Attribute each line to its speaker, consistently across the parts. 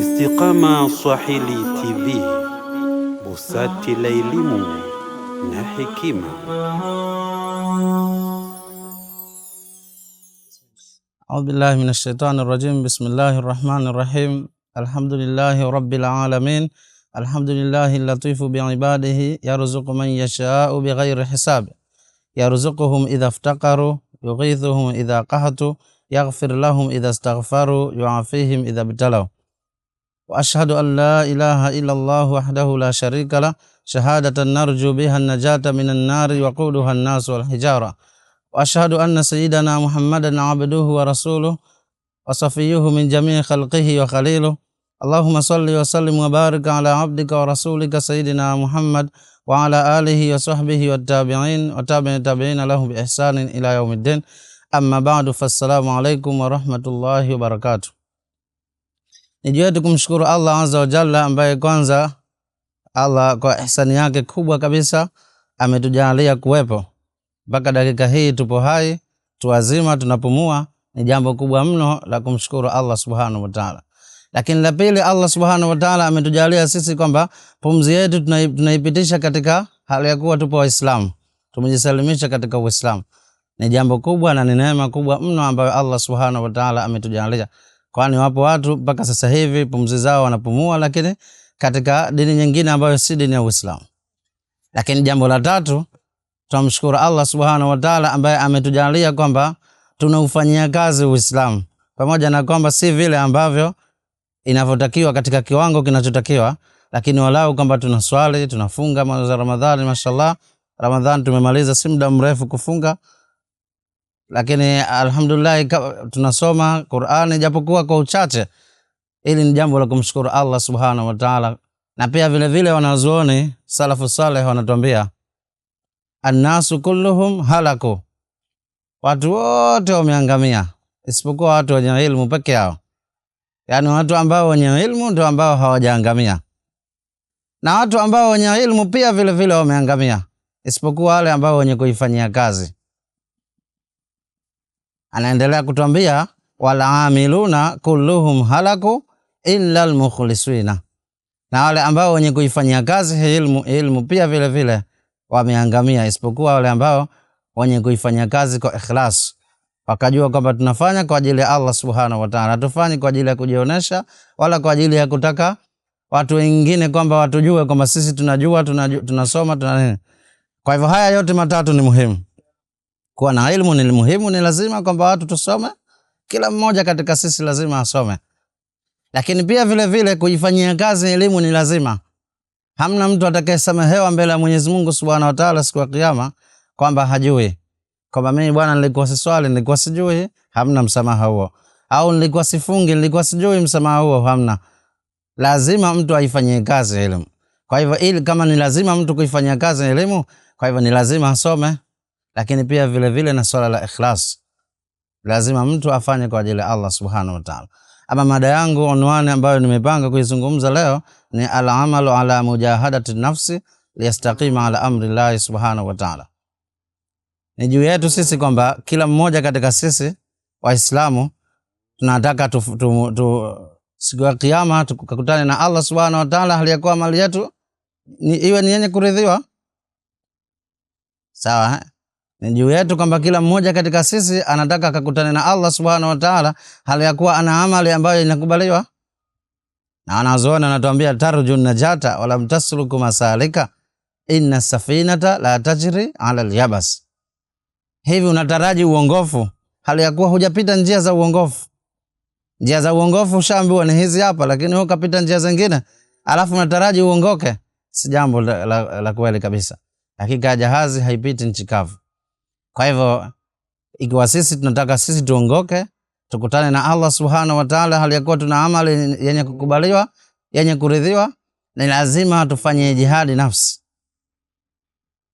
Speaker 1: Istiqama Swahili TV, busati la elimu na hekima. A'udhu billahi minash shaitani rrajim. Bismillahir rahmanir rahim. Alhamdulillahi rabbil alamin. Alhamdulillahi latifu bi ibadihi yarzuqu man yasha'u bighairi hisab. Yarzuquhum idha iftaqaru yughithuhum idha qahatu يغفر لهم إذا استغفروا يعافيهم إذا ابتلوا وأشهد أن لا إله إلا الله وحده لا شريك له شهادة نرجو بها النجاة من النار وقودها الناس والحجارة وأشهد أن سيدنا محمدا عبده ورسوله وصفيه من جميع خلقه وخليله اللهم صل وسلم وبارك على عبدك ورسولك سيدنا محمد وعلى آله وصحبه والتابعين وتابع التابعين له بإحسان إلى يوم الدين Amma ba'du, fassalamu alaikum warahmatullahi wabarakatu. Ni juu yetu kumshukuru Allah azza wa jalla, ambaye kwanza, Allah kwa ihsani yake kubwa kabisa ametujalia kuwepo mpaka dakika hii, tupo hai, tuwazima, tunapumua. Ni jambo kubwa mno la kumshukuru Allah subhanahu wa ta'ala. Lakini la pili, Allah subhanahu wa ta'ala ametujalia sisi kwamba pumzi yetu tunaipitisha katika hali ya kuwa tupo Waislamu, tumejisalimisha katika Uislamu wa ni jambo kubwa na ni neema kubwa mno ambayo Allah subhanahu wa ta'ala ametujalia, kwani wapo watu mpaka sasa hivi pumzi zao wanapumua, lakini katika dini nyingine ambayo si dini ya Uislamu. Lakini jambo la tatu, tunamshukuru Allah subhanahu wa ta'ala ambaye ametujalia kwamba tunaufanyia kazi Uislamu, pamoja na kwamba si vile ambavyo inavyotakiwa katika kiwango kinachotakiwa, lakini walau kwamba tunaswali, tunafunga mwezi wa Ramadhani. Mashallah, Ramadhani tumemaliza si muda mrefu kufunga lakini alhamdulillah tunasoma Qur'ani japokuwa kwa uchache. Ili ni jambo la kumshukuru Allah subhanahu wa ta'ala, na pia vile vile wanazuoni salafu saleh wanatuambia annasu kulluhum halaku, watu wote wameangamia isipokuwa watu wenye ilmu peke yao. Yaani watu ambao wenye ilmu ndio ambao hawajaangamia, na watu ambao wenye ilmu pia vile vile wameangamia isipokuwa wale ambao wenye kuifanyia kazi. Anaendelea kutuambia walamiluna kulluhum halaku illa almukhlisina, na wale ambao wenye kuifanyia kazi ilmu, ilmu pia vile vile wameangamia, isipokuwa wale ambao wenye kuifanyia kazi kwa ikhlas, wakajua kwamba tunafanya kwa ajili ya Allah subhanahu wa ta'ala, tufanye kwa ajili ya kujionesha wala kwa ajili ya kutaka watu wengine kwamba watujue kwamba sisi tunajua, tunajua tunasoma tuna nini. Kwa hivyo haya yote matatu ni muhimu. Kuwa na ilmu ni muhimu, ni lazima kwamba watu tusome, kila mmoja katika sisi lazima asome, lakini pia vile vile kujifanyia kazi elimu ni lazima. Hamna mtu atakayesamehewa mbele ya Mwenyezi Mungu Subhanahu wa Ta'ala siku ya Kiyama kwamba hajui kwamba mimi bwana, nilikuwa siswali, nilikuwa sijui. Hamna msamaha huo, au nilikuwa sifungi, nilikuwa sijui. Msamaha huo hamna. Lazima mtu aifanyie kazi elimu. Kwa hivyo, ili kama ni lazima mtu kuifanyia kazi elimu, kwa hivyo ni lazima asome lakini pia vilevile vile na swala la ikhlas, lazima mtu afanye kwa ajili ya Allah subhanahu wa ta'ala. Ama mada yangu onwani ambayo nimepanga kuizungumza leo ni alamalu ala mujahadati nafsi liyastaqima ala amri Allah subhanahu wa ta'ala. Ni juu yetu sisi kwamba kila mmoja katika sisi Waislamu tunataka tu, tu, tu, siku ya kiyama tukakutane na Allah subhanahu wa ta'ala, hali ya kuwa mali yetu ni, iwe ni yenye kuridhiwa, sawa eh? ni juu yetu kwamba kila mmoja katika sisi anataka akakutane na Allah subhanahu wa taala, hali ya kuwa ana amali ambayo inakubaliwa na anazoona. Anatuambia tarju najata wala mtasluku masalika inna safinata la tajri ala alyabas. Hivi unataraji uongofu hali ya kuwa hujapita njia za uongofu. Njia za uongofu ushaambiwa ni hizi hapa, lakini wewe ukapita njia zingine, alafu unataraji uongoke? Si jambo la, la, la kweli kabisa. Hakika jahazi haipiti nchi kavu. Kwa hivyo ikiwa sisi tunataka sisi tuongoke tukutane na Allah subhanahu wa taala hali ya kuwa tuna amali yenye kukubaliwa yenye kuridhiwa, ni lazima tufanye jihadi nafsi,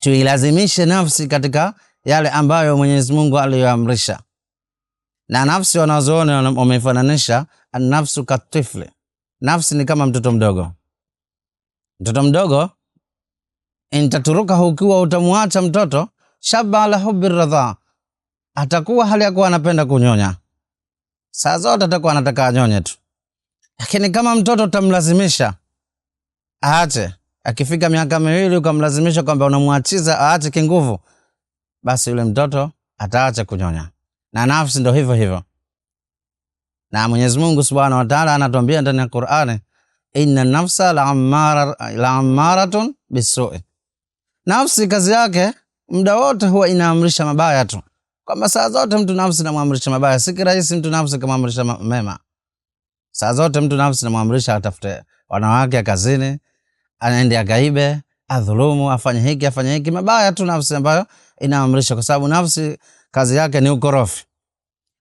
Speaker 1: tuilazimishe nafsi katika yale ambayo Mwenyezi Mungu aliyoamrisha. Na nafsi wanazoone wameifananisha an-nafsu katifli, nafsi ni kama mtoto mdogo. Mtoto mdogo intaturuka, ukiwa utamwacha mtoto shaba ala hubi radha, atakuwa hali ya kuwa anapenda kunyonya. Saa zote atakuwa anataka anyonye tu, lakini kama mtoto utamlazimisha aache, akifika miaka miwili ukamlazimisha kwamba unamwachiza aache kinguvu, basi yule mtoto ataacha kunyonya, na nafsi ndo hivyo hivyo. Na Mwenyezi Mungu Subhanahu wa Ta'ala ndani ya Qur'ani, inna nafsa la la bisui, nafsi kazi yake muda wote huwa inaamrisha mabaya tu, kwamba saa zote mtu nafsi namwamrisha mabaya. Si kirahisi mtu nafsi kamwamrisha mema. Saa zote mtu nafsi namwamrisha atafute wanawake kazini, anaende akaibe, adhulumu, afanye hiki, afanye hiki, mabaya tu nafsi ambayo inaamrisha, kwa sababu nafsi kazi yake ni ukorofi.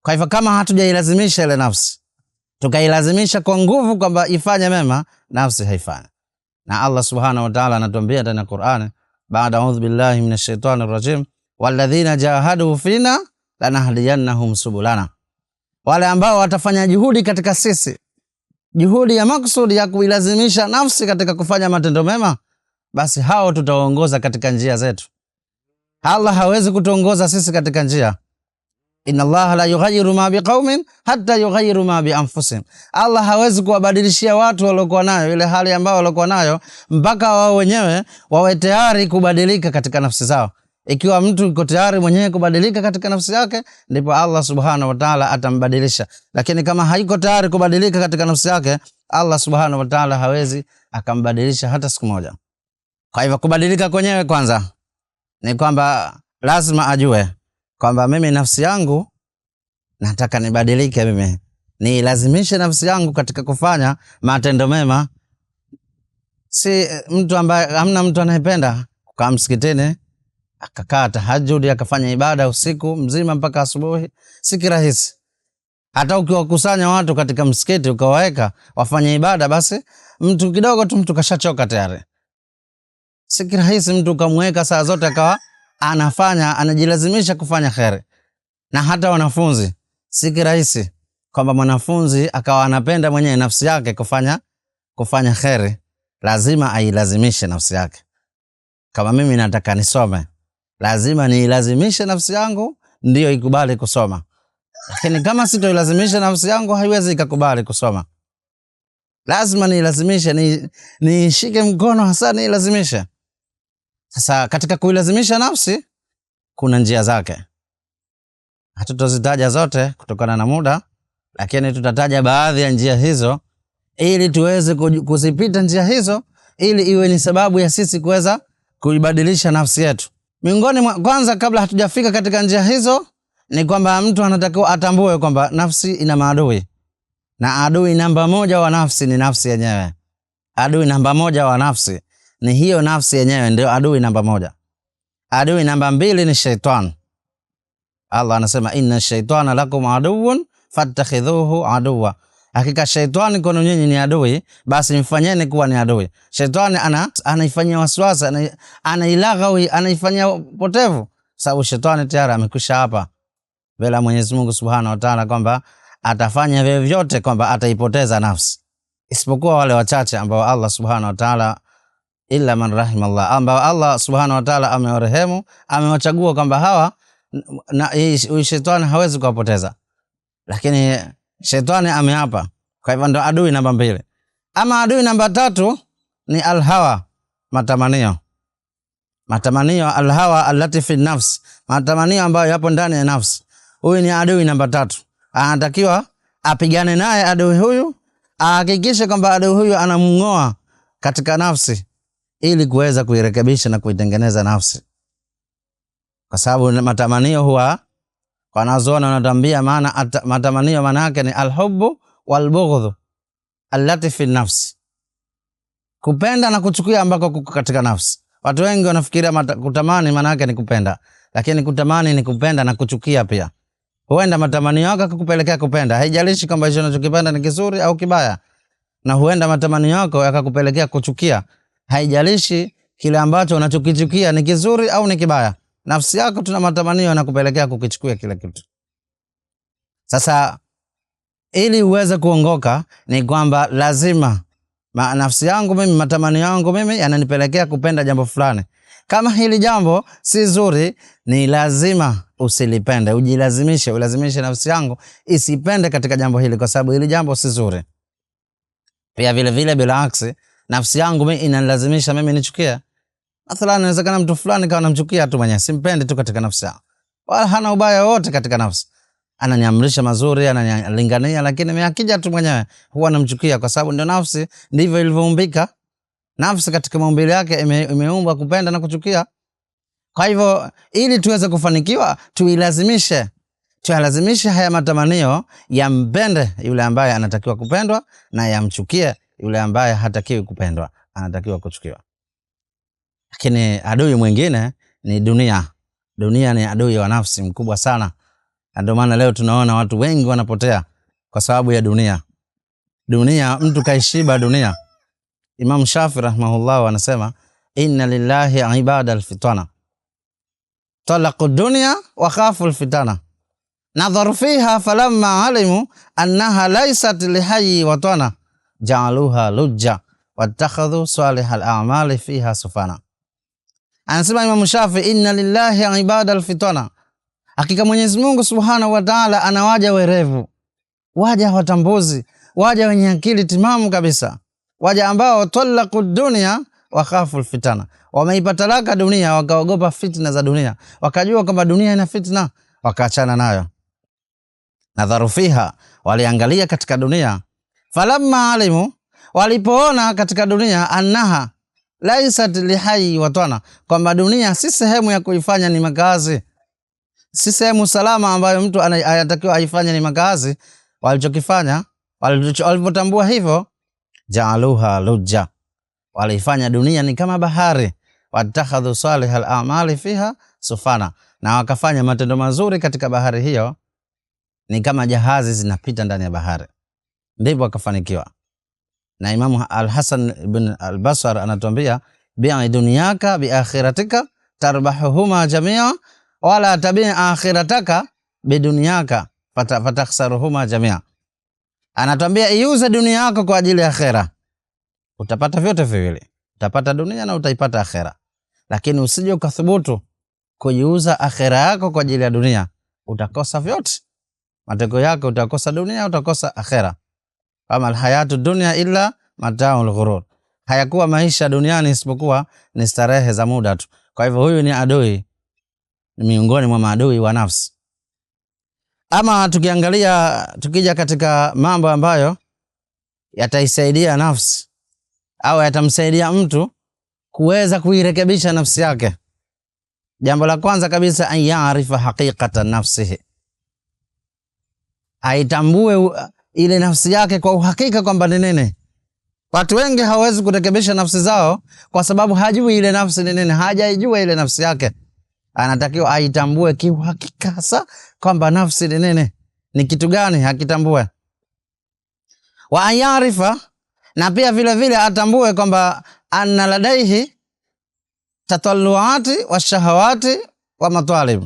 Speaker 1: Kwa hivyo kama hatujailazimisha ile nafsi tukailazimisha kwa nguvu kwamba ifanye mema, nafsi haifanyi. Na Allah subhanahu wa ta'ala anatuambia ndani ya Qur'ani baada audhu billahi min shaitani rajim, walladhina jahadu fina lanahdiyannahum subulana, wale ambao watafanya juhudi katika sisi, juhudi ya maksudi ya kuilazimisha nafsi katika kufanya matendo mema, basi hao tutaongoza katika njia zetu. Allah hawezi kutuongoza sisi katika njia Inna Allah la yughayyiru ma biqaumin hatta yughayyiru ma bi anfusihim, Allah hawezi kuwabadilishia watu waliokuwa nayo ile hali ambayo waliokuwa nayo mpaka wao wenyewe wawe tayari kubadilika katika nafsi zao. Ikiwa mtu yuko tayari mwenyewe kubadilika katika nafsi yake, ndipo Allah subhanahu wa ta'ala atambadilisha, lakini kama haiko tayari kubadilika katika nafsi yake, Allah subhanahu wa ta'ala hawezi akambadilisha hata siku moja. Kwa hivyo kubadilika kwenyewe kwanza ni kwamba lazima ajue kwamba mimi nafsi yangu nataka nibadilike, mimi nilazimishe nafsi yangu katika kufanya matendo mema. Si eh, mtu ambaye hamna mtu anayependa kukaa msikitini akakaa tahajudi akafanya ibada usiku mzima mpaka asubuhi, si kirahisi. Hata ukiwakusanya watu katika msikiti ukawaweka wafanye ibada, basi mtu kidogo tu mtu kashachoka tayari, si kirahisi mtu ukamweka saa zote akawa anafanya anajilazimisha kufanya kheri. Na hata wanafunzi, si kirahisi kwamba mwanafunzi akawa anapenda mwenyewe nafsi yake kufanya kufanya kheri, lazima ailazimishe nafsi yake. Kama mimi nataka nisome, lazima niilazimishe nafsi yangu ndiyo ikubali kusoma, lakini kama sitoilazimisha nafsi yangu haiwezi ikakubali kusoma. Lazima niilazimishe, niishike ni mkono hasa niilazimishe sasa katika kuilazimisha nafsi kuna njia zake, hatutozitaja zote kutokana na muda, lakini tutataja baadhi ya njia hizo ili tuweze kuzipita njia hizo, ili iwe ni sababu ya sisi kuweza kuibadilisha nafsi yetu. Miongoni mwa kwanza, kabla hatujafika katika njia hizo, ni kwamba mtu anatakiwa atambue kwamba nafsi ina maadui, na adui namba moja wa nafsi ni nafsi yenyewe. Adui namba moja wa nafsi ni hiyo nafsi yenyewe ndio adui namba moja. Adui namba mbili ni shetani. Allah anasema inna shaitana lakum aduun fatakhidhuhu aduwa, hakika shetani kwenu nyinyi ni adui, basi mfanyeni kuwa ni adui. Shetani ana anaifanyia waswasa, anailaghawi, anaifanyia potevu, sababu shetani tayari amekwisha hapa mbele ya mwenyezimungu Mungu Subhanahu wa kwamba atafanya vyovyote kwamba ataipoteza nafsi isipokuwa wale wachache ambao Allah Subhanahu wataala illa man Allah, ambao Allah subhanahu wa ta'ala amewarehemu, amewachagua kwamba hawa na huyu shetani hawezi kuwapoteza, lakini shetani ameapa. Kwa hivyo ndo adui namba mbili. Ama adui namba tatu ni alhawa, matamanio. Matamanio alhawa allati fi nafs, matamanio ambayo yapo ndani ya nafsi. Huyu ni adui namba tatu, anatakiwa apigane naye adui huyu, ahakikishe kwamba adui huyu anamng'oa katika nafsi ili kuweza kuirekebisha na kuitengeneza nafsi, kwa sababu matamanio huwa wanazoona wanatambia maana matamanio, maana yake ni alhubbu walbughdhu allati fi nafsi, kupenda na kuchukia ambako kuko katika nafsi. Watu wengi wanafikiria kutamani maana yake ni kupenda, lakini kutamani ni kupenda na kuchukia pia. Huenda matamanio yako yakakupelekea kupenda, haijalishi kwamba hicho unachokipenda ni kizuri au kibaya, na huenda matamanio yako yakakupelekea kuchukia haijalishi kile ambacho unachokichukia ni kizuri au ni kibaya, nafsi yako tuna matamanio yanakupelekea kukichukia kile kitu. Sasa ili uweze kuongoka ni kwamba lazima ma, nafsi yangu mimi, matamanio yangu mimi yananipelekea kupenda jambo fulani. Kama hili jambo si zuri, ni lazima usilipende, ujilazimishe, ulazimishe nafsi yangu isipende katika jambo hili, kwa sababu hili jambo si zuri. Pia vile vile bila aksi nafsi yangu mimi inanilazimisha mimi nichukie. Mathalan, inawezekana mtu fulani kawa namchukia tu mwenyewe, simpendi tu katika nafsi yangu, wala hana ubaya wote katika nafsi, ananiamrisha mazuri, ananilingania, lakini mimi akija tu mwenyewe huwa namchukia, kwa sababu ndio nafsi, ndivyo ilivyoumbika. Nafsi katika maumbile yake imeumbwa kupenda na kuchukia. Kwa hivyo ili tuweze kufanikiwa, tuilazimishe tuyalazimishe haya matamanio yampende yule ambaye anatakiwa kupendwa na yamchukie yule ambaye hatakiwi kupendwa, anatakiwa kuchukiwa. Lakini adui mwingine ni dunia. Dunia ni adui wa nafsi mkubwa sana, ndio maana leo tunaona watu wengi wanapotea kwa sababu ya dunia. Dunia, mtu kaishiba dunia. Imam Shafi rahimahullah anasema inna lillahi ibada lfitana talaku dunia wakhafu lfitana nadharu fiha falamma alimu annaha laisat lihayi watana jaaluha lujja wattakhadhu salihal a'mali fiha sufana. Anasema Imam Shafi, inna lillahi ibadal fitana, hakika Mwenyezi Mungu Subhanahu wa Ta'ala anawaja werevu, waja watambuzi, waja wenye akili timamu kabisa, waja ambao talaku dunia wakhafu lfitana, wameipatalaka dunia wakaogopa fitna za dunia, wakajua kwamba dunia ina fitna, wakaachana nayo. Nadharu fiha, waliangalia katika dunia falamma alimu, walipoona katika dunia annaha laisat lihai watwana, kwamba dunia si sehemu ya kuifanya ni makazi, si sehemu salama ambayo mtu anatakiwa aifanye ni makazi. Walichokifanya, walipotambua hivyo, jaaluha luja waliifanya dunia ni kama bahari, watakhadhu salih alamali fiha sufana, na wakafanya matendo mazuri katika bahari hiyo, ni kama jahazi zinapita ndani ya bahari ndivyo akafanikiwa. Na Imamu Al-Hasan ibn Al-Basri anatuambia bi'i dunyaka bi akhiratika tarbahuhuma jamia wala tabii akhirataka bidunyaka fatakhsaruhuma jamia. Anatuambia iuze dunia yako kwa ajili ya akhera, utapata vyote viwili, utapata dunia na utaipata akhera. Lakini usije ukathubutu kuiuza akhera yako kwa ajili ya dunia, utakosa vyote. Matokeo yake utakosa dunia, utakosa akhera wamal alhayatu dunia illa mataul ghurur, hayakuwa maisha duniani isipokuwa ni starehe za muda tu. Kwa hivyo huyu ni adui miongoni mwa maadui wa nafsi. Ama tukiangalia tukija katika mambo ambayo yataisaidia nafsi au yatamsaidia mtu kuweza kuirekebisha nafsi yake, jambo la kwanza kabisa, an yaarifa haqiqata nafsihi, aitambue ile nafsi yake kwa uhakika kwamba ni nini. Watu wengi hawawezi kurekebisha nafsi zao kwa sababu hajui ile nafsi ni nini, hajaijua ile nafsi yake. Anatakiwa aitambue kiuhakika hasa kwamba nafsi ni nini, ni kitu gani, akitambue wa ayarifa, na pia vile vile atambue kwamba anna ladaihi tatalluati wa shahawati wa matalib,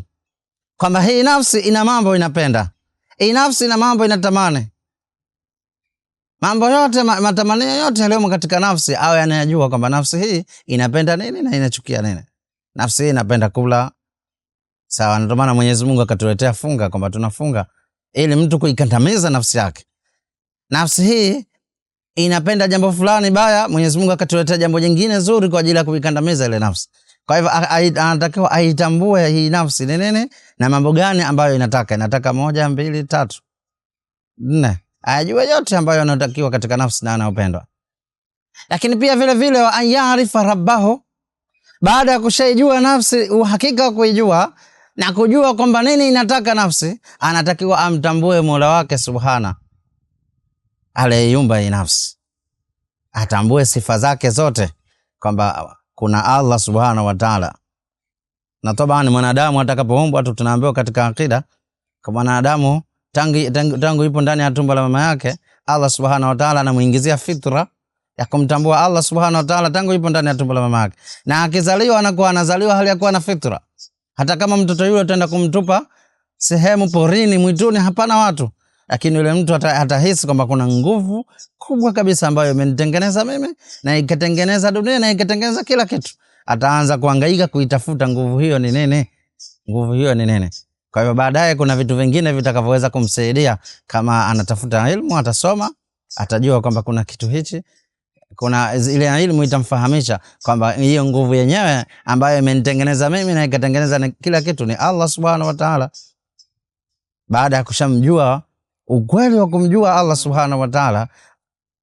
Speaker 1: kwamba hii nafsi ina mambo inapenda, hii nafsi ina mambo inatamani Mambo yote matamanio yote yaliyomo katika nafsi awe anayajua kwamba nafsi hii inapenda nini na inachukia nini. Nafsi hii inapenda kula. Sawa, ndio maana Mwenyezi Mungu akatuletea funga kwamba tunafunga ili mtu kuikandamiza nafsi yake. Nafsi hii inapenda jambo fulani baya, Mwenyezi Mungu akatuletea jambo jingine zuri kwa ajili ya kuikandamiza ile nafsi. Kwa hivyo anatakiwa aitambue hii nafsi ni nini na mambo gani ambayo inataka. Inataka moja, mbili, tatu, nne ayajue yote ambayo anatakiwa katika nafsi na anayopendwa. Lakini pia vile vile wa anyarifa rabbahu, baada ya kushaijua nafsi, uhakika wa kuijua na kujua kwamba nini inataka nafsi, anatakiwa amtambue Mola wake subhana aliyeiumba hii nafsi, atambue sifa zake zote kwamba kuna Allah subhana wa taala. Na tabani mwanadamu atakapoumbwa tu, tunaambiwa katika akida kwa mwanadamu tangu, tangu, tangu ipo ndani ya tumbo la mama yake, Allah subhanahu wa ta'ala anamuingizia fitra ya kumtambua Allah subhanahu wa ta'ala tangu ipo ndani ya tumbo la mama yake, na akizaliwa anakuwa anazaliwa hali ya kuwa na fitra. Hata kama mtoto yule utaenda kumtupa sehemu porini, mwituni, hapana watu, lakini yule mtu atahisi kwamba kuna nguvu kubwa kabisa ambayo imenitengeneza mimi na ikatengeneza dunia na ikatengeneza kila kitu. Ataanza kuangaika kuitafuta nguvu hiyo ni nini, nguvu hiyo ni nini. Kwa hiyo baadaye kuna vitu vingine vitakavyoweza kumsaidia kama anatafuta elimu, atasoma, atajua kwamba kuna kitu hichi kuna ile elimu itamfahamisha kwamba hiyo nguvu yenyewe ambayo imenitengeneza mimi na ikatengeneza kila kitu ni Allah subhanahu wa ta'ala. Baada ya kushamjua ukweli wa kumjua Allah subhanahu wa ta'ala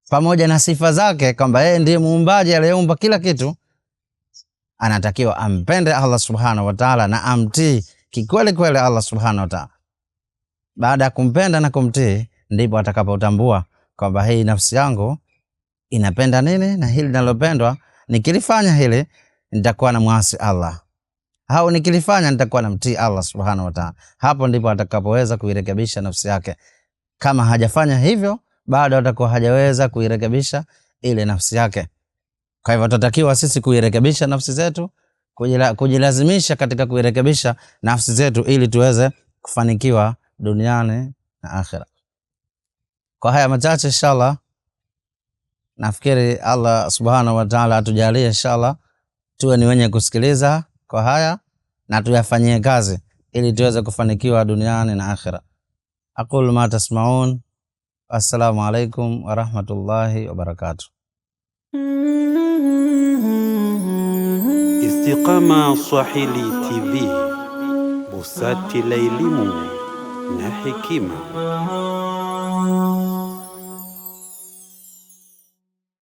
Speaker 1: pamoja na sifa zake kwamba yeye ndiye muumbaji aliyeumba kila kitu, anatakiwa ampende Allah subhanahu wa ta'ala na amtii kikweli kweli Allah subhanahu wa ta'ala. Baada ya kumpenda na kumtii, ndipo atakapotambua kwamba hii nafsi yangu inapenda nini na hili linalopendwa, nikilifanya hili nitakuwa na mwasi Allah au nikilifanya nitakuwa na mtii Allah subhanahu wa ta'ala. Hapo ndipo atakapoweza kuirekebisha nafsi yake. Kama hajafanya hivyo, bado atakuwa hajaweza kuirekebisha ile nafsi yake. Kwa hivyo tutatakiwa sisi kuirekebisha nafsi zetu kujilazimisha katika kuirekebisha nafsi zetu ili tuweze kufanikiwa duniani na akhira. Kwa haya machache, inshallah, nafikiri Allah subhanahu wataala atujalie, inshallah, tuwe ni wenye kusikiliza kwa haya na tuyafanyie kazi ili tuweze kufanikiwa duniani na akhira. Aqulu ma tasmaun. Assalamu alaikum warahmatullahi wabarakatuh. Mm-hmm. Istiqamah Swahili TV, busati la elimu na hekima.